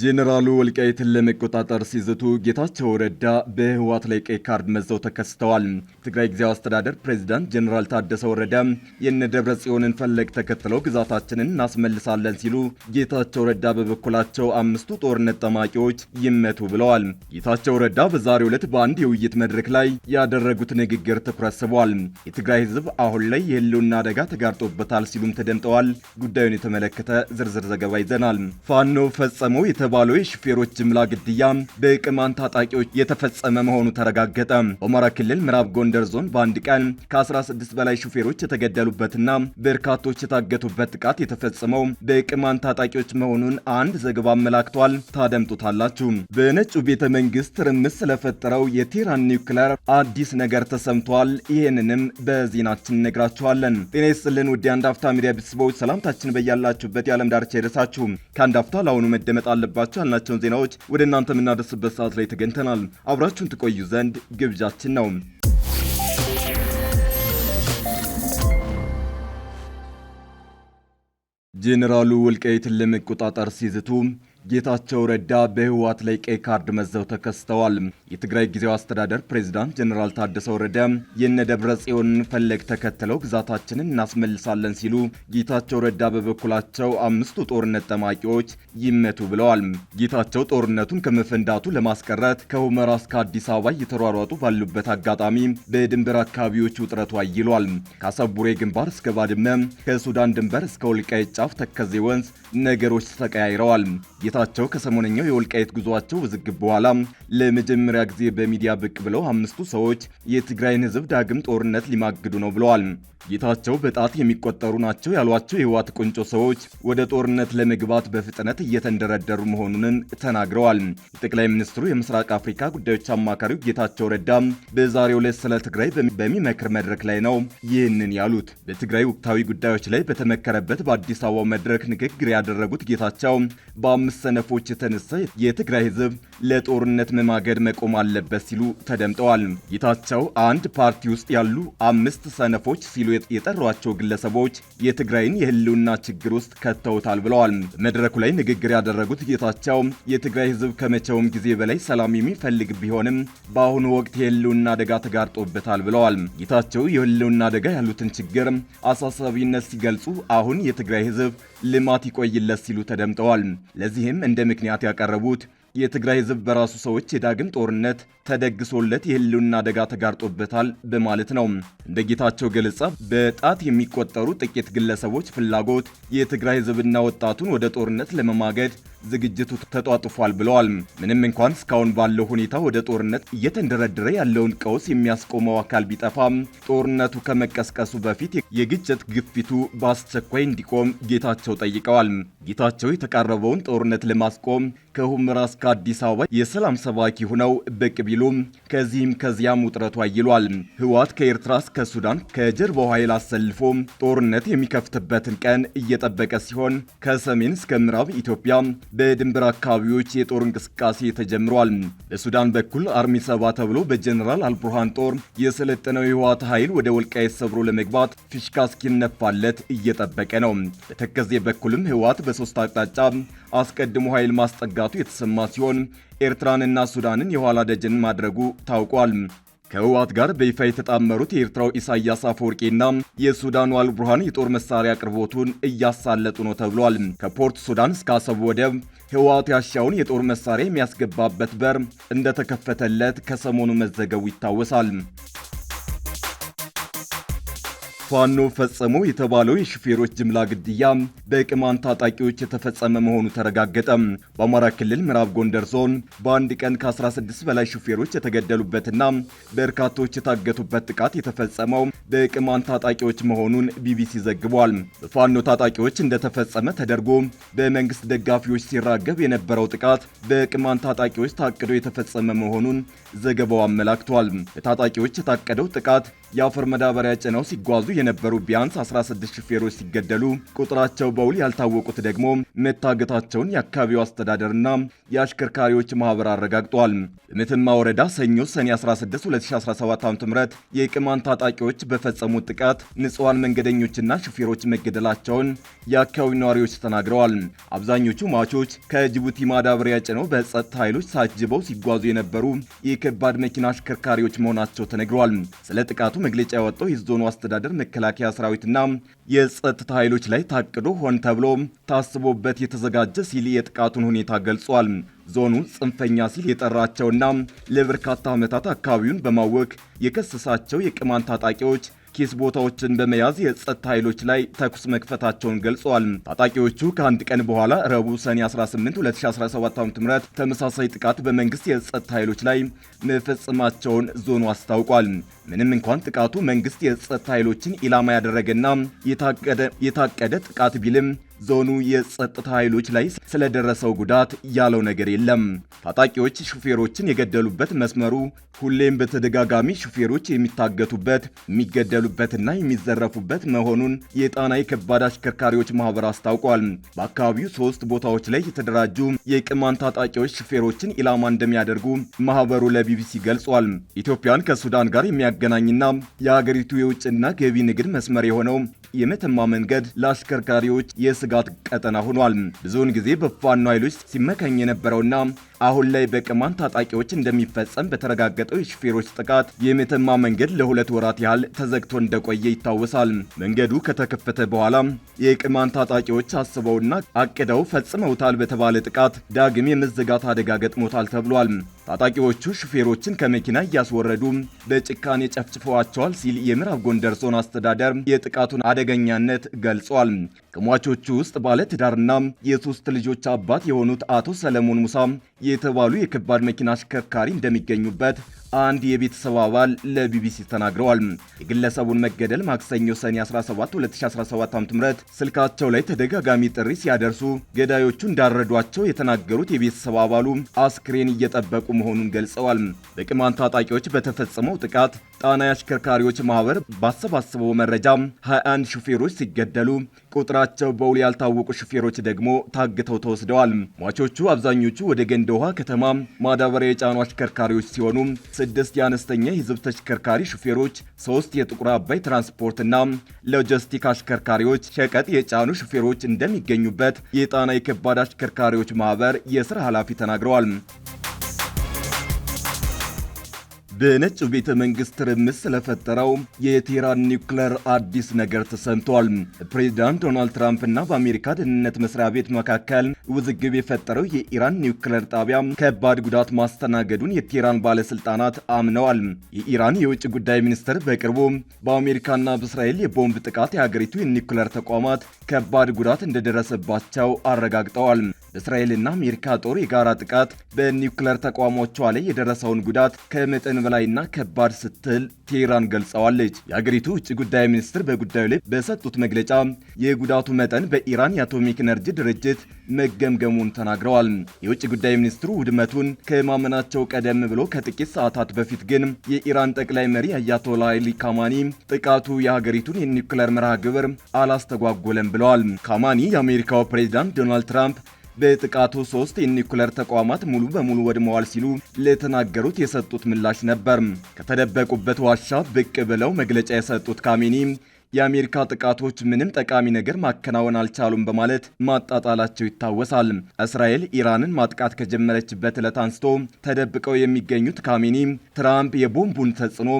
ጄኔራሉ ወልቃይትን ለመቆጣጠር ሲዝቱ ጌታቸው ረዳ በህወሓት ላይ ቀይ ካርድ መዘው ተከስተዋል። ትግራይ ጊዜያዊ አስተዳደር ፕሬዚዳንት ጄኔራል ታደሰ ወረዳ የነ ደብረ ጽዮንን ፈለግ ተከትለው ግዛታችንን እናስመልሳለን ሲሉ፣ ጌታቸው ረዳ በበኩላቸው አምስቱ ጦርነት ጠማቂዎች ይመቱ ብለዋል። ጌታቸው ረዳ በዛሬው ዕለት በአንድ የውይይት መድረክ ላይ ያደረጉት ንግግር ትኩረት ስቧል። የትግራይ ህዝብ አሁን ላይ የህልውና አደጋ ተጋርጦበታል ሲሉም ተደምጠዋል። ጉዳዩን የተመለከተ ዝርዝር ዘገባ ይዘናል። ፋኖ ፈጸመው የተባለው የሹፌሮች ጅምላ ግድያ በቅማን ታጣቂዎች የተፈጸመ መሆኑ ተረጋገጠ። በአማራ ክልል ምዕራብ ጎንደር ዞን በአንድ ቀን ከ16 በላይ ሹፌሮች የተገደሉበትና በርካቶች የታገቱበት ጥቃት የተፈጸመው በቅማን ታጣቂዎች መሆኑን አንድ ዘገባ አመላክቷል። ታደምጡታላችሁ። በነጩ ቤተ መንግስት ትርምስ ስለፈጠረው የቴህራን ኒውክሌር አዲስ ነገር ተሰምቷል። ይህንንም በዜናችን እነግራችኋለን። ጤና ይስጥልን ውድ የአንድ አፍታ ሚዲያ ቤተሰቦች፣ ሰላምታችን በያላችሁበት የዓለም ዳርቻ ይድረሳችሁ። ከአንድ አፍታ ለአሁኑ መደመጥ አለበት አለባቸው ያልናቸውን ዜናዎች ወደ እናንተ የምናደርስበት ሰዓት ላይ ተገኝተናል። አብራችሁን ትቆዩ ዘንድ ግብዣችን ነው። ጄኔራሉ ወልቃይትን ለመቆጣጠር ሲዝቱ ጌታቸው ረዳ በህወሓት ላይ ቀይ ካርድ መዘው ተከስተዋል። የትግራይ ጊዜያዊ አስተዳደር ፕሬዚዳንት ጀኔራል ታደሰ ወረደ የነ ደብረ ጽዮንን ፈለግ ተከትለው ግዛታችንን እናስመልሳለን ሲሉ፣ ጌታቸው ረዳ በበኩላቸው አምስቱ ጦርነት ጠማቂዎች ይመቱ ብለዋል። ጌታቸው ጦርነቱን ከመፈንዳቱ ለማስቀረት ከሁመራ እስከ አዲስ አበባ እየተሯሯጡ ባሉበት አጋጣሚ በድንበር አካባቢዎች ውጥረቱ አይሏል። ከአሰቡሬ ግንባር እስከ ባድመ፣ ከሱዳን ድንበር እስከ ወልቃይት ጫፍ ተከዜ ወንዝ ነገሮች ተቀያይረዋል። መመለሳቸው ከሰሞነኛው የወልቃየት ጉዞአቸው ውዝግብ በኋላ ለመጀመሪያ ጊዜ በሚዲያ ብቅ ብለው አምስቱ ሰዎች የትግራይን ሕዝብ ዳግም ጦርነት ሊማግዱ ነው ብለዋል። ጌታቸው በጣት የሚቆጠሩ ናቸው ያሏቸው የህወሓት ቁንጮ ሰዎች ወደ ጦርነት ለመግባት በፍጥነት እየተንደረደሩ መሆኑንም ተናግረዋል። የጠቅላይ ሚኒስትሩ የምስራቅ አፍሪካ ጉዳዮች አማካሪው ጌታቸው ረዳ በዛሬው ዕለት ስለ ትግራይ በሚመክር መድረክ ላይ ነው ይህንን ያሉት። በትግራይ ወቅታዊ ጉዳዮች ላይ በተመከረበት በአዲስ አበባ መድረክ ንግግር ያደረጉት ጌታቸው በአምስት ሰነፎች የተነሳ የትግራይ ህዝብ ለጦርነት መማገድ መቆም አለበት ሲሉ ተደምጠዋል። ጌታቸው አንድ ፓርቲ ውስጥ ያሉ አምስት ሰነፎች ሲሉ የጠሯቸው ግለሰቦች የትግራይን የህልውና ችግር ውስጥ ከተውታል ብለዋል። በመድረኩ ላይ ንግግር ያደረጉት ጌታቸው የትግራይ ህዝብ ከመቼውም ጊዜ በላይ ሰላም የሚፈልግ ቢሆንም በአሁኑ ወቅት የህልውና አደጋ ተጋርጦበታል ብለዋል። ጌታቸው የህልውና አደጋ ያሉትን ችግር አሳሳቢነት ሲገልጹ አሁን የትግራይ ህዝብ ልማት ይቆይለት ሲሉ ተደምጠዋል። ለዚህም እንደ ምክንያት ያቀረቡት የትግራይ ህዝብ በራሱ ሰዎች የዳግም ጦርነት ተደግሶለት የህልውና አደጋ ተጋርጦበታል በማለት ነው። እንደ ጌታቸው ገለጻ በጣት የሚቆጠሩ ጥቂት ግለሰቦች ፍላጎት የትግራይ ህዝብና ወጣቱን ወደ ጦርነት ለመማገድ ዝግጅቱ ተጧጥፏል ብለዋል። ምንም እንኳን እስካሁን ባለው ሁኔታ ወደ ጦርነት እየተንደረደረ ያለውን ቀውስ የሚያስቆመው አካል ቢጠፋም ጦርነቱ ከመቀስቀሱ በፊት የግጭት ግፊቱ በአስቸኳይ እንዲቆም ጌታቸው ጠይቀዋል። ጌታቸው የተቃረበውን ጦርነት ለማስቆም ከሁመራ እስከ አዲስ አበባ የሰላም ሰባኪ ሆነው ብቅ ቢሉ ከዚህም ከዚያም ውጥረቱ አይሏል። ህወሓት ከኤርትራ እስከ ሱዳን ከጀርባው ኃይል አሰልፎ ጦርነት የሚከፍትበትን ቀን እየጠበቀ ሲሆን ከሰሜን እስከ ምዕራብ ኢትዮጵያ በድንበር አካባቢዎች የጦር እንቅስቃሴ ተጀምሯል። በሱዳን በኩል አርሚ ሰባ ተብሎ በጀኔራል አልቡርሃን ጦር የሰለጠነው የህወሓት ኃይል ወደ ወልቃይት ሰብሮ ለመግባት ፊሽካ እስኪነፋለት እየጠበቀ ነው። በተከዜ በኩልም ህወሓት በሶስት አቅጣጫ አስቀድሞ ኃይል ማስጠጋቱ የተሰማ ሲሆን ኤርትራንና ሱዳንን የኋላ ደጀን ማድረጉ ታውቋል። ከህወሓት ጋር በይፋ የተጣመሩት የኤርትራው ኢሳያስ አፈወርቂና የሱዳኑ አልቡርሃን የጦር መሳሪያ አቅርቦቱን እያሳለጡ ነው ተብሏል። ከፖርት ሱዳን እስከ አሰብ ወደብ ህወሓት ያሻውን የጦር መሳሪያ የሚያስገባበት በር እንደተከፈተለት ከሰሞኑ መዘገቡ ይታወሳል። ፋኖ ፈጸሙ የተባለው የሹፌሮች ጅምላ ግድያ በቅማን ታጣቂዎች የተፈጸመ መሆኑ ተረጋገጠ። በአማራ ክልል ምዕራብ ጎንደር ዞን በአንድ ቀን ከ16 በላይ ሹፌሮች የተገደሉበትና በርካቶች የታገቱበት ጥቃት የተፈጸመው በቅማን ታጣቂዎች መሆኑን ቢቢሲ ዘግቧል። በፋኖ ታጣቂዎች እንደተፈጸመ ተደርጎ በመንግስት ደጋፊዎች ሲራገብ የነበረው ጥቃት በቅማን ታጣቂዎች ታቅዶ የተፈጸመ መሆኑን ዘገባው አመላክቷል። በታጣቂዎች የታቀደው ጥቃት የአፈር መዳበሪያ ጭነው ሲጓዙ የነበሩ ቢያንስ 16 ሹፌሮች ሲገደሉ ቁጥራቸው በውል ያልታወቁት ደግሞ መታገታቸውን የአካባቢው አስተዳደርና የአሽከርካሪዎች ማህበር አረጋግጧል። በመተማ ወረዳ ሰኞ ሰኔ 16 2017 ዓ.ም የቅማን ታጣቂዎች በፈጸሙት ጥቃት ንጹሐን መንገደኞችና ሹፌሮች መገደላቸውን የአካባቢው ነዋሪዎች ተናግረዋል። አብዛኞቹ ማቾች ከጅቡቲ ማዳበሪያ ጭነው በጸጥታ ኃይሎች ሳጅበው ሲጓዙ የነበሩ የከባድ መኪና አሽከርካሪዎች መሆናቸው ተነግረዋል። ስለ ጥቃቱ መግለጫ ያወጣው የዞኑ አስተዳደር መከላከያ ሰራዊትና የጸጥታ ኃይሎች ላይ ታቅዶ ሆን ተብሎ ታስቦበት የተዘጋጀ ሲል የጥቃቱን ሁኔታ ገልጿል። ዞኑ ጽንፈኛ ሲል የጠራቸውና ለበርካታ ዓመታት አካባቢውን በማወክ የከሰሳቸው የቅማንት ታጣቂዎች ኪስ ቦታዎችን በመያዝ የጸጥታ ኃይሎች ላይ ተኩስ መክፈታቸውን ገልጸዋል። ታጣቂዎቹ ከአንድ ቀን በኋላ ረቡዕ ሰኔ 18 2017 ም ተመሳሳይ ጥቃት በመንግስት የጸጥታ ኃይሎች ላይ መፈጸማቸውን ዞኑ አስታውቋል። ምንም እንኳን ጥቃቱ መንግስት የጸጥታ ኃይሎችን ኢላማ ያደረገና የታቀደ ጥቃት ቢልም ዞኑ የጸጥታ ኃይሎች ላይ ስለደረሰው ጉዳት ያለው ነገር የለም። ታጣቂዎች ሹፌሮችን የገደሉበት መስመሩ ሁሌም በተደጋጋሚ ሹፌሮች የሚታገቱበት የሚገደሉበትና የሚዘረፉበት መሆኑን የጣና የከባድ አሽከርካሪዎች ማህበር አስታውቋል። በአካባቢው ሶስት ቦታዎች ላይ የተደራጁ የቅማን ታጣቂዎች ሹፌሮችን ኢላማ እንደሚያደርጉ ማህበሩ ለቢቢሲ ገልጿል። ኢትዮጵያን ከሱዳን ጋር የሚያገናኝና የአገሪቱ የውጭና ገቢ ንግድ መስመር የሆነው የመተማ መንገድ ለአሽከርካሪዎች የስ ስጋት ቀጠና ሆኗል። ብዙውን ጊዜ በፋኖ ኃይሎች ሲመከኝ የነበረውና አሁን ላይ በቅማንት ታጣቂዎች እንደሚፈጸም በተረጋገጠው የሹፌሮች ጥቃት የመተማ መንገድ ለሁለት ወራት ያህል ተዘግቶ እንደቆየ ይታወሳል። መንገዱ ከተከፈተ በኋላ የቅማን ታጣቂዎች አስበውና አቅደው ፈጽመውታል በተባለ ጥቃት ዳግም የመዘጋት አደጋ ገጥሞታል ተብሏል። ታጣቂዎቹ ሹፌሮችን ከመኪና እያስወረዱ በጭካኔ ጨፍጭፈዋቸዋል ሲል የምዕራብ ጎንደር ዞን አስተዳደር የጥቃቱን አደገኛነት ገልጿል። ከሟቾቹ ውስጥ ባለትዳርና የሶስት ልጆች አባት የሆኑት አቶ ሰለሞን ሙሳ የተባሉ የከባድ መኪና አሽከርካሪ እንደሚገኙበት አንድ የቤተሰብ አባል ለቢቢሲ ተናግረዋል። የግለሰቡን መገደል ማክሰኞ ሰኔ 17 2017 ዓ.ም ስልካቸው ላይ ተደጋጋሚ ጥሪ ሲያደርሱ ገዳዮቹ እንዳረዷቸው የተናገሩት የቤተሰብ አባሉ አስክሬን እየጠበቁ መሆኑን ገልጸዋል። በቅማንት ታጣቂዎች በተፈጸመው ጥቃት ጣና የአሽከርካሪዎች ማህበር ባሰባሰበው መረጃ 21 ሹፌሮች ሲገደሉ ቁጥራቸው በውል ያልታወቁ ሹፌሮች ደግሞ ታግተው ተወስደዋል። ሟቾቹ አብዛኞቹ ወደ ገንደ ውሃ ከተማ ማዳበሪያ የጫኑ አሽከርካሪዎች ሲሆኑ ስድስት የአነስተኛ የህዝብ ተሽከርካሪ ሹፌሮች፣ ሶስት የጥቁር አባይ ትራንስፖርትና ሎጂስቲክ አሽከርካሪዎች፣ ሸቀጥ የጫኑ ሹፌሮች እንደሚገኙበት የጣና የከባድ አሽከርካሪዎች ማህበር የስራ ኃላፊ ተናግረዋል። በነጭ ቤተ መንግስት ትርምስ ስለፈጠረው የቴህራን ኒውክለር አዲስ ነገር ተሰምቷል። ፕሬዚዳንት ዶናልድ ትራምፕ እና በአሜሪካ ደህንነት መስሪያ ቤት መካከል ውዝግብ የፈጠረው የኢራን ኒውክለር ጣቢያ ከባድ ጉዳት ማስተናገዱን የቴህራን ባለስልጣናት አምነዋል። የኢራን የውጭ ጉዳይ ሚኒስትር በቅርቡ በአሜሪካና በእስራኤል የቦምብ ጥቃት የሀገሪቱ የኒውክለር ተቋማት ከባድ ጉዳት እንደደረሰባቸው አረጋግጠዋል። እስራኤልና አሜሪካ ጦር የጋራ ጥቃት በኒውክለር ተቋሞቿ ላይ የደረሰውን ጉዳት ከመጠን በላይና ከባድ ስትል ቴህራን ገልጸዋለች። የአገሪቱ ውጭ ጉዳይ ሚኒስትር በጉዳዩ ላይ በሰጡት መግለጫ የጉዳቱ መጠን በኢራን የአቶሚክ ኤነርጂ ድርጅት መገምገሙን ተናግረዋል። የውጭ ጉዳይ ሚኒስትሩ ውድመቱን ከማመናቸው ቀደም ብሎ ከጥቂት ሰዓታት በፊት ግን የኢራን ጠቅላይ መሪ አያቶላ ሀይሊ ካማኒ ጥቃቱ የሀገሪቱን የኒውክለር መርሃ ግብር አላስተጓጎለም ብለዋል። ካማኒ የአሜሪካው ፕሬዚዳንት ዶናልድ ትራምፕ በጥቃቱ ሶስት የኒኩለር ተቋማት ሙሉ በሙሉ ወድመዋል ሲሉ ለተናገሩት የሰጡት ምላሽ ነበር። ከተደበቁበት ዋሻ ብቅ ብለው መግለጫ የሰጡት ካሜኒ የአሜሪካ ጥቃቶች ምንም ጠቃሚ ነገር ማከናወን አልቻሉም በማለት ማጣጣላቸው ይታወሳል። እስራኤል ኢራንን ማጥቃት ከጀመረችበት ዕለት አንስቶ ተደብቀው የሚገኙት ካሜኒ ትራምፕ የቦምቡን ተጽዕኖ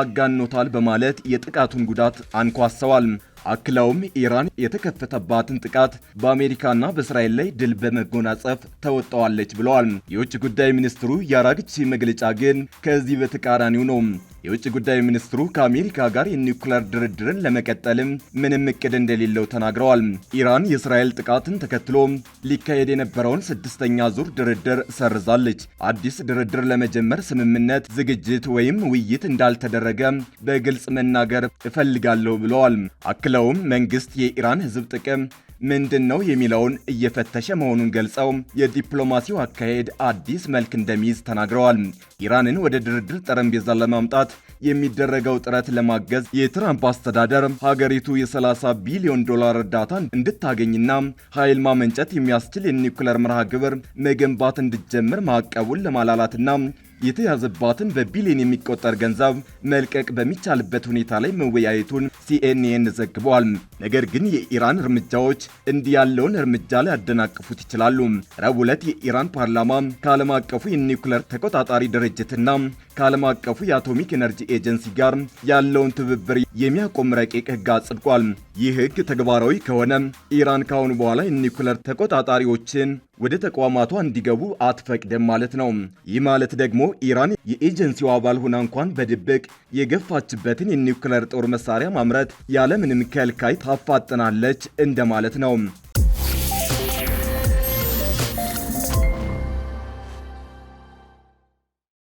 አጋኖታል በማለት የጥቃቱን ጉዳት አንኳሰዋል። አክለውም ኢራን የተከፈተባትን ጥቃት በአሜሪካና በእስራኤል ላይ ድል በመጎናጸፍ ተወጣዋለች ብለዋል። የውጭ ጉዳይ ሚኒስትሩ ያራግቺ መግለጫ ግን ከዚህ በተቃራኒው ነው። የውጭ ጉዳይ ሚኒስትሩ ከአሜሪካ ጋር የኒውክሌር ድርድርን ለመቀጠልም ምንም እቅድ እንደሌለው ተናግረዋል። ኢራን የእስራኤል ጥቃትን ተከትሎ ሊካሄድ የነበረውን ስድስተኛ ዙር ድርድር ሰርዛለች። አዲስ ድርድር ለመጀመር ስምምነት፣ ዝግጅት ወይም ውይይት እንዳልተደረገ በግልጽ መናገር እፈልጋለሁ ብለዋል። አክለውም መንግስት የኢራን ህዝብ ጥቅም ምንድን ነው የሚለውን እየፈተሸ መሆኑን ገልጸው የዲፕሎማሲው አካሄድ አዲስ መልክ እንደሚይዝ ተናግረዋል። ኢራንን ወደ ድርድር ጠረጴዛ ለማምጣት የሚደረገው ጥረት ለማገዝ የትራምፕ አስተዳደር ሀገሪቱ የ30 ቢሊዮን ዶላር እርዳታ እንድታገኝና ኃይል ማመንጨት የሚያስችል የኒውክለር መርሃ ግብር መገንባት እንድጀምር ማዕቀቡን ለማላላትና የተያዘባትን በቢሊዮን የሚቆጠር ገንዘብ መልቀቅ በሚቻልበት ሁኔታ ላይ መወያየቱን ሲኤንኤን ዘግቧል። ነገር ግን የኢራን እርምጃዎች እንዲህ ያለውን እርምጃ ሊያደናቅፉት ይችላሉ። ረቡዕ ዕለት የኢራን ፓርላማ ከዓለም አቀፉ የኒውክለር ተቆጣጣሪ ድርጅትና ከዓለም አቀፉ የአቶሚክ ኤነርጂ ኤጀንሲ ጋር ያለውን ትብብር የሚያቆም ረቂቅ ሕግ አጽድቋል። ይህ ሕግ ተግባራዊ ከሆነ ኢራን ካሁን በኋላ የኒውክለር ተቆጣጣሪዎችን ወደ ተቋማቷ እንዲገቡ አትፈቅድም ማለት ነው። ይህ ማለት ደግሞ ኢራን የኤጀንሲው አባል ሆና እንኳን በድብቅ የገፋችበትን የኒውክለር ጦር መሳሪያ ማምረት ያለምንም ከልካይ ታፋጥናለች እንደማለት ነው።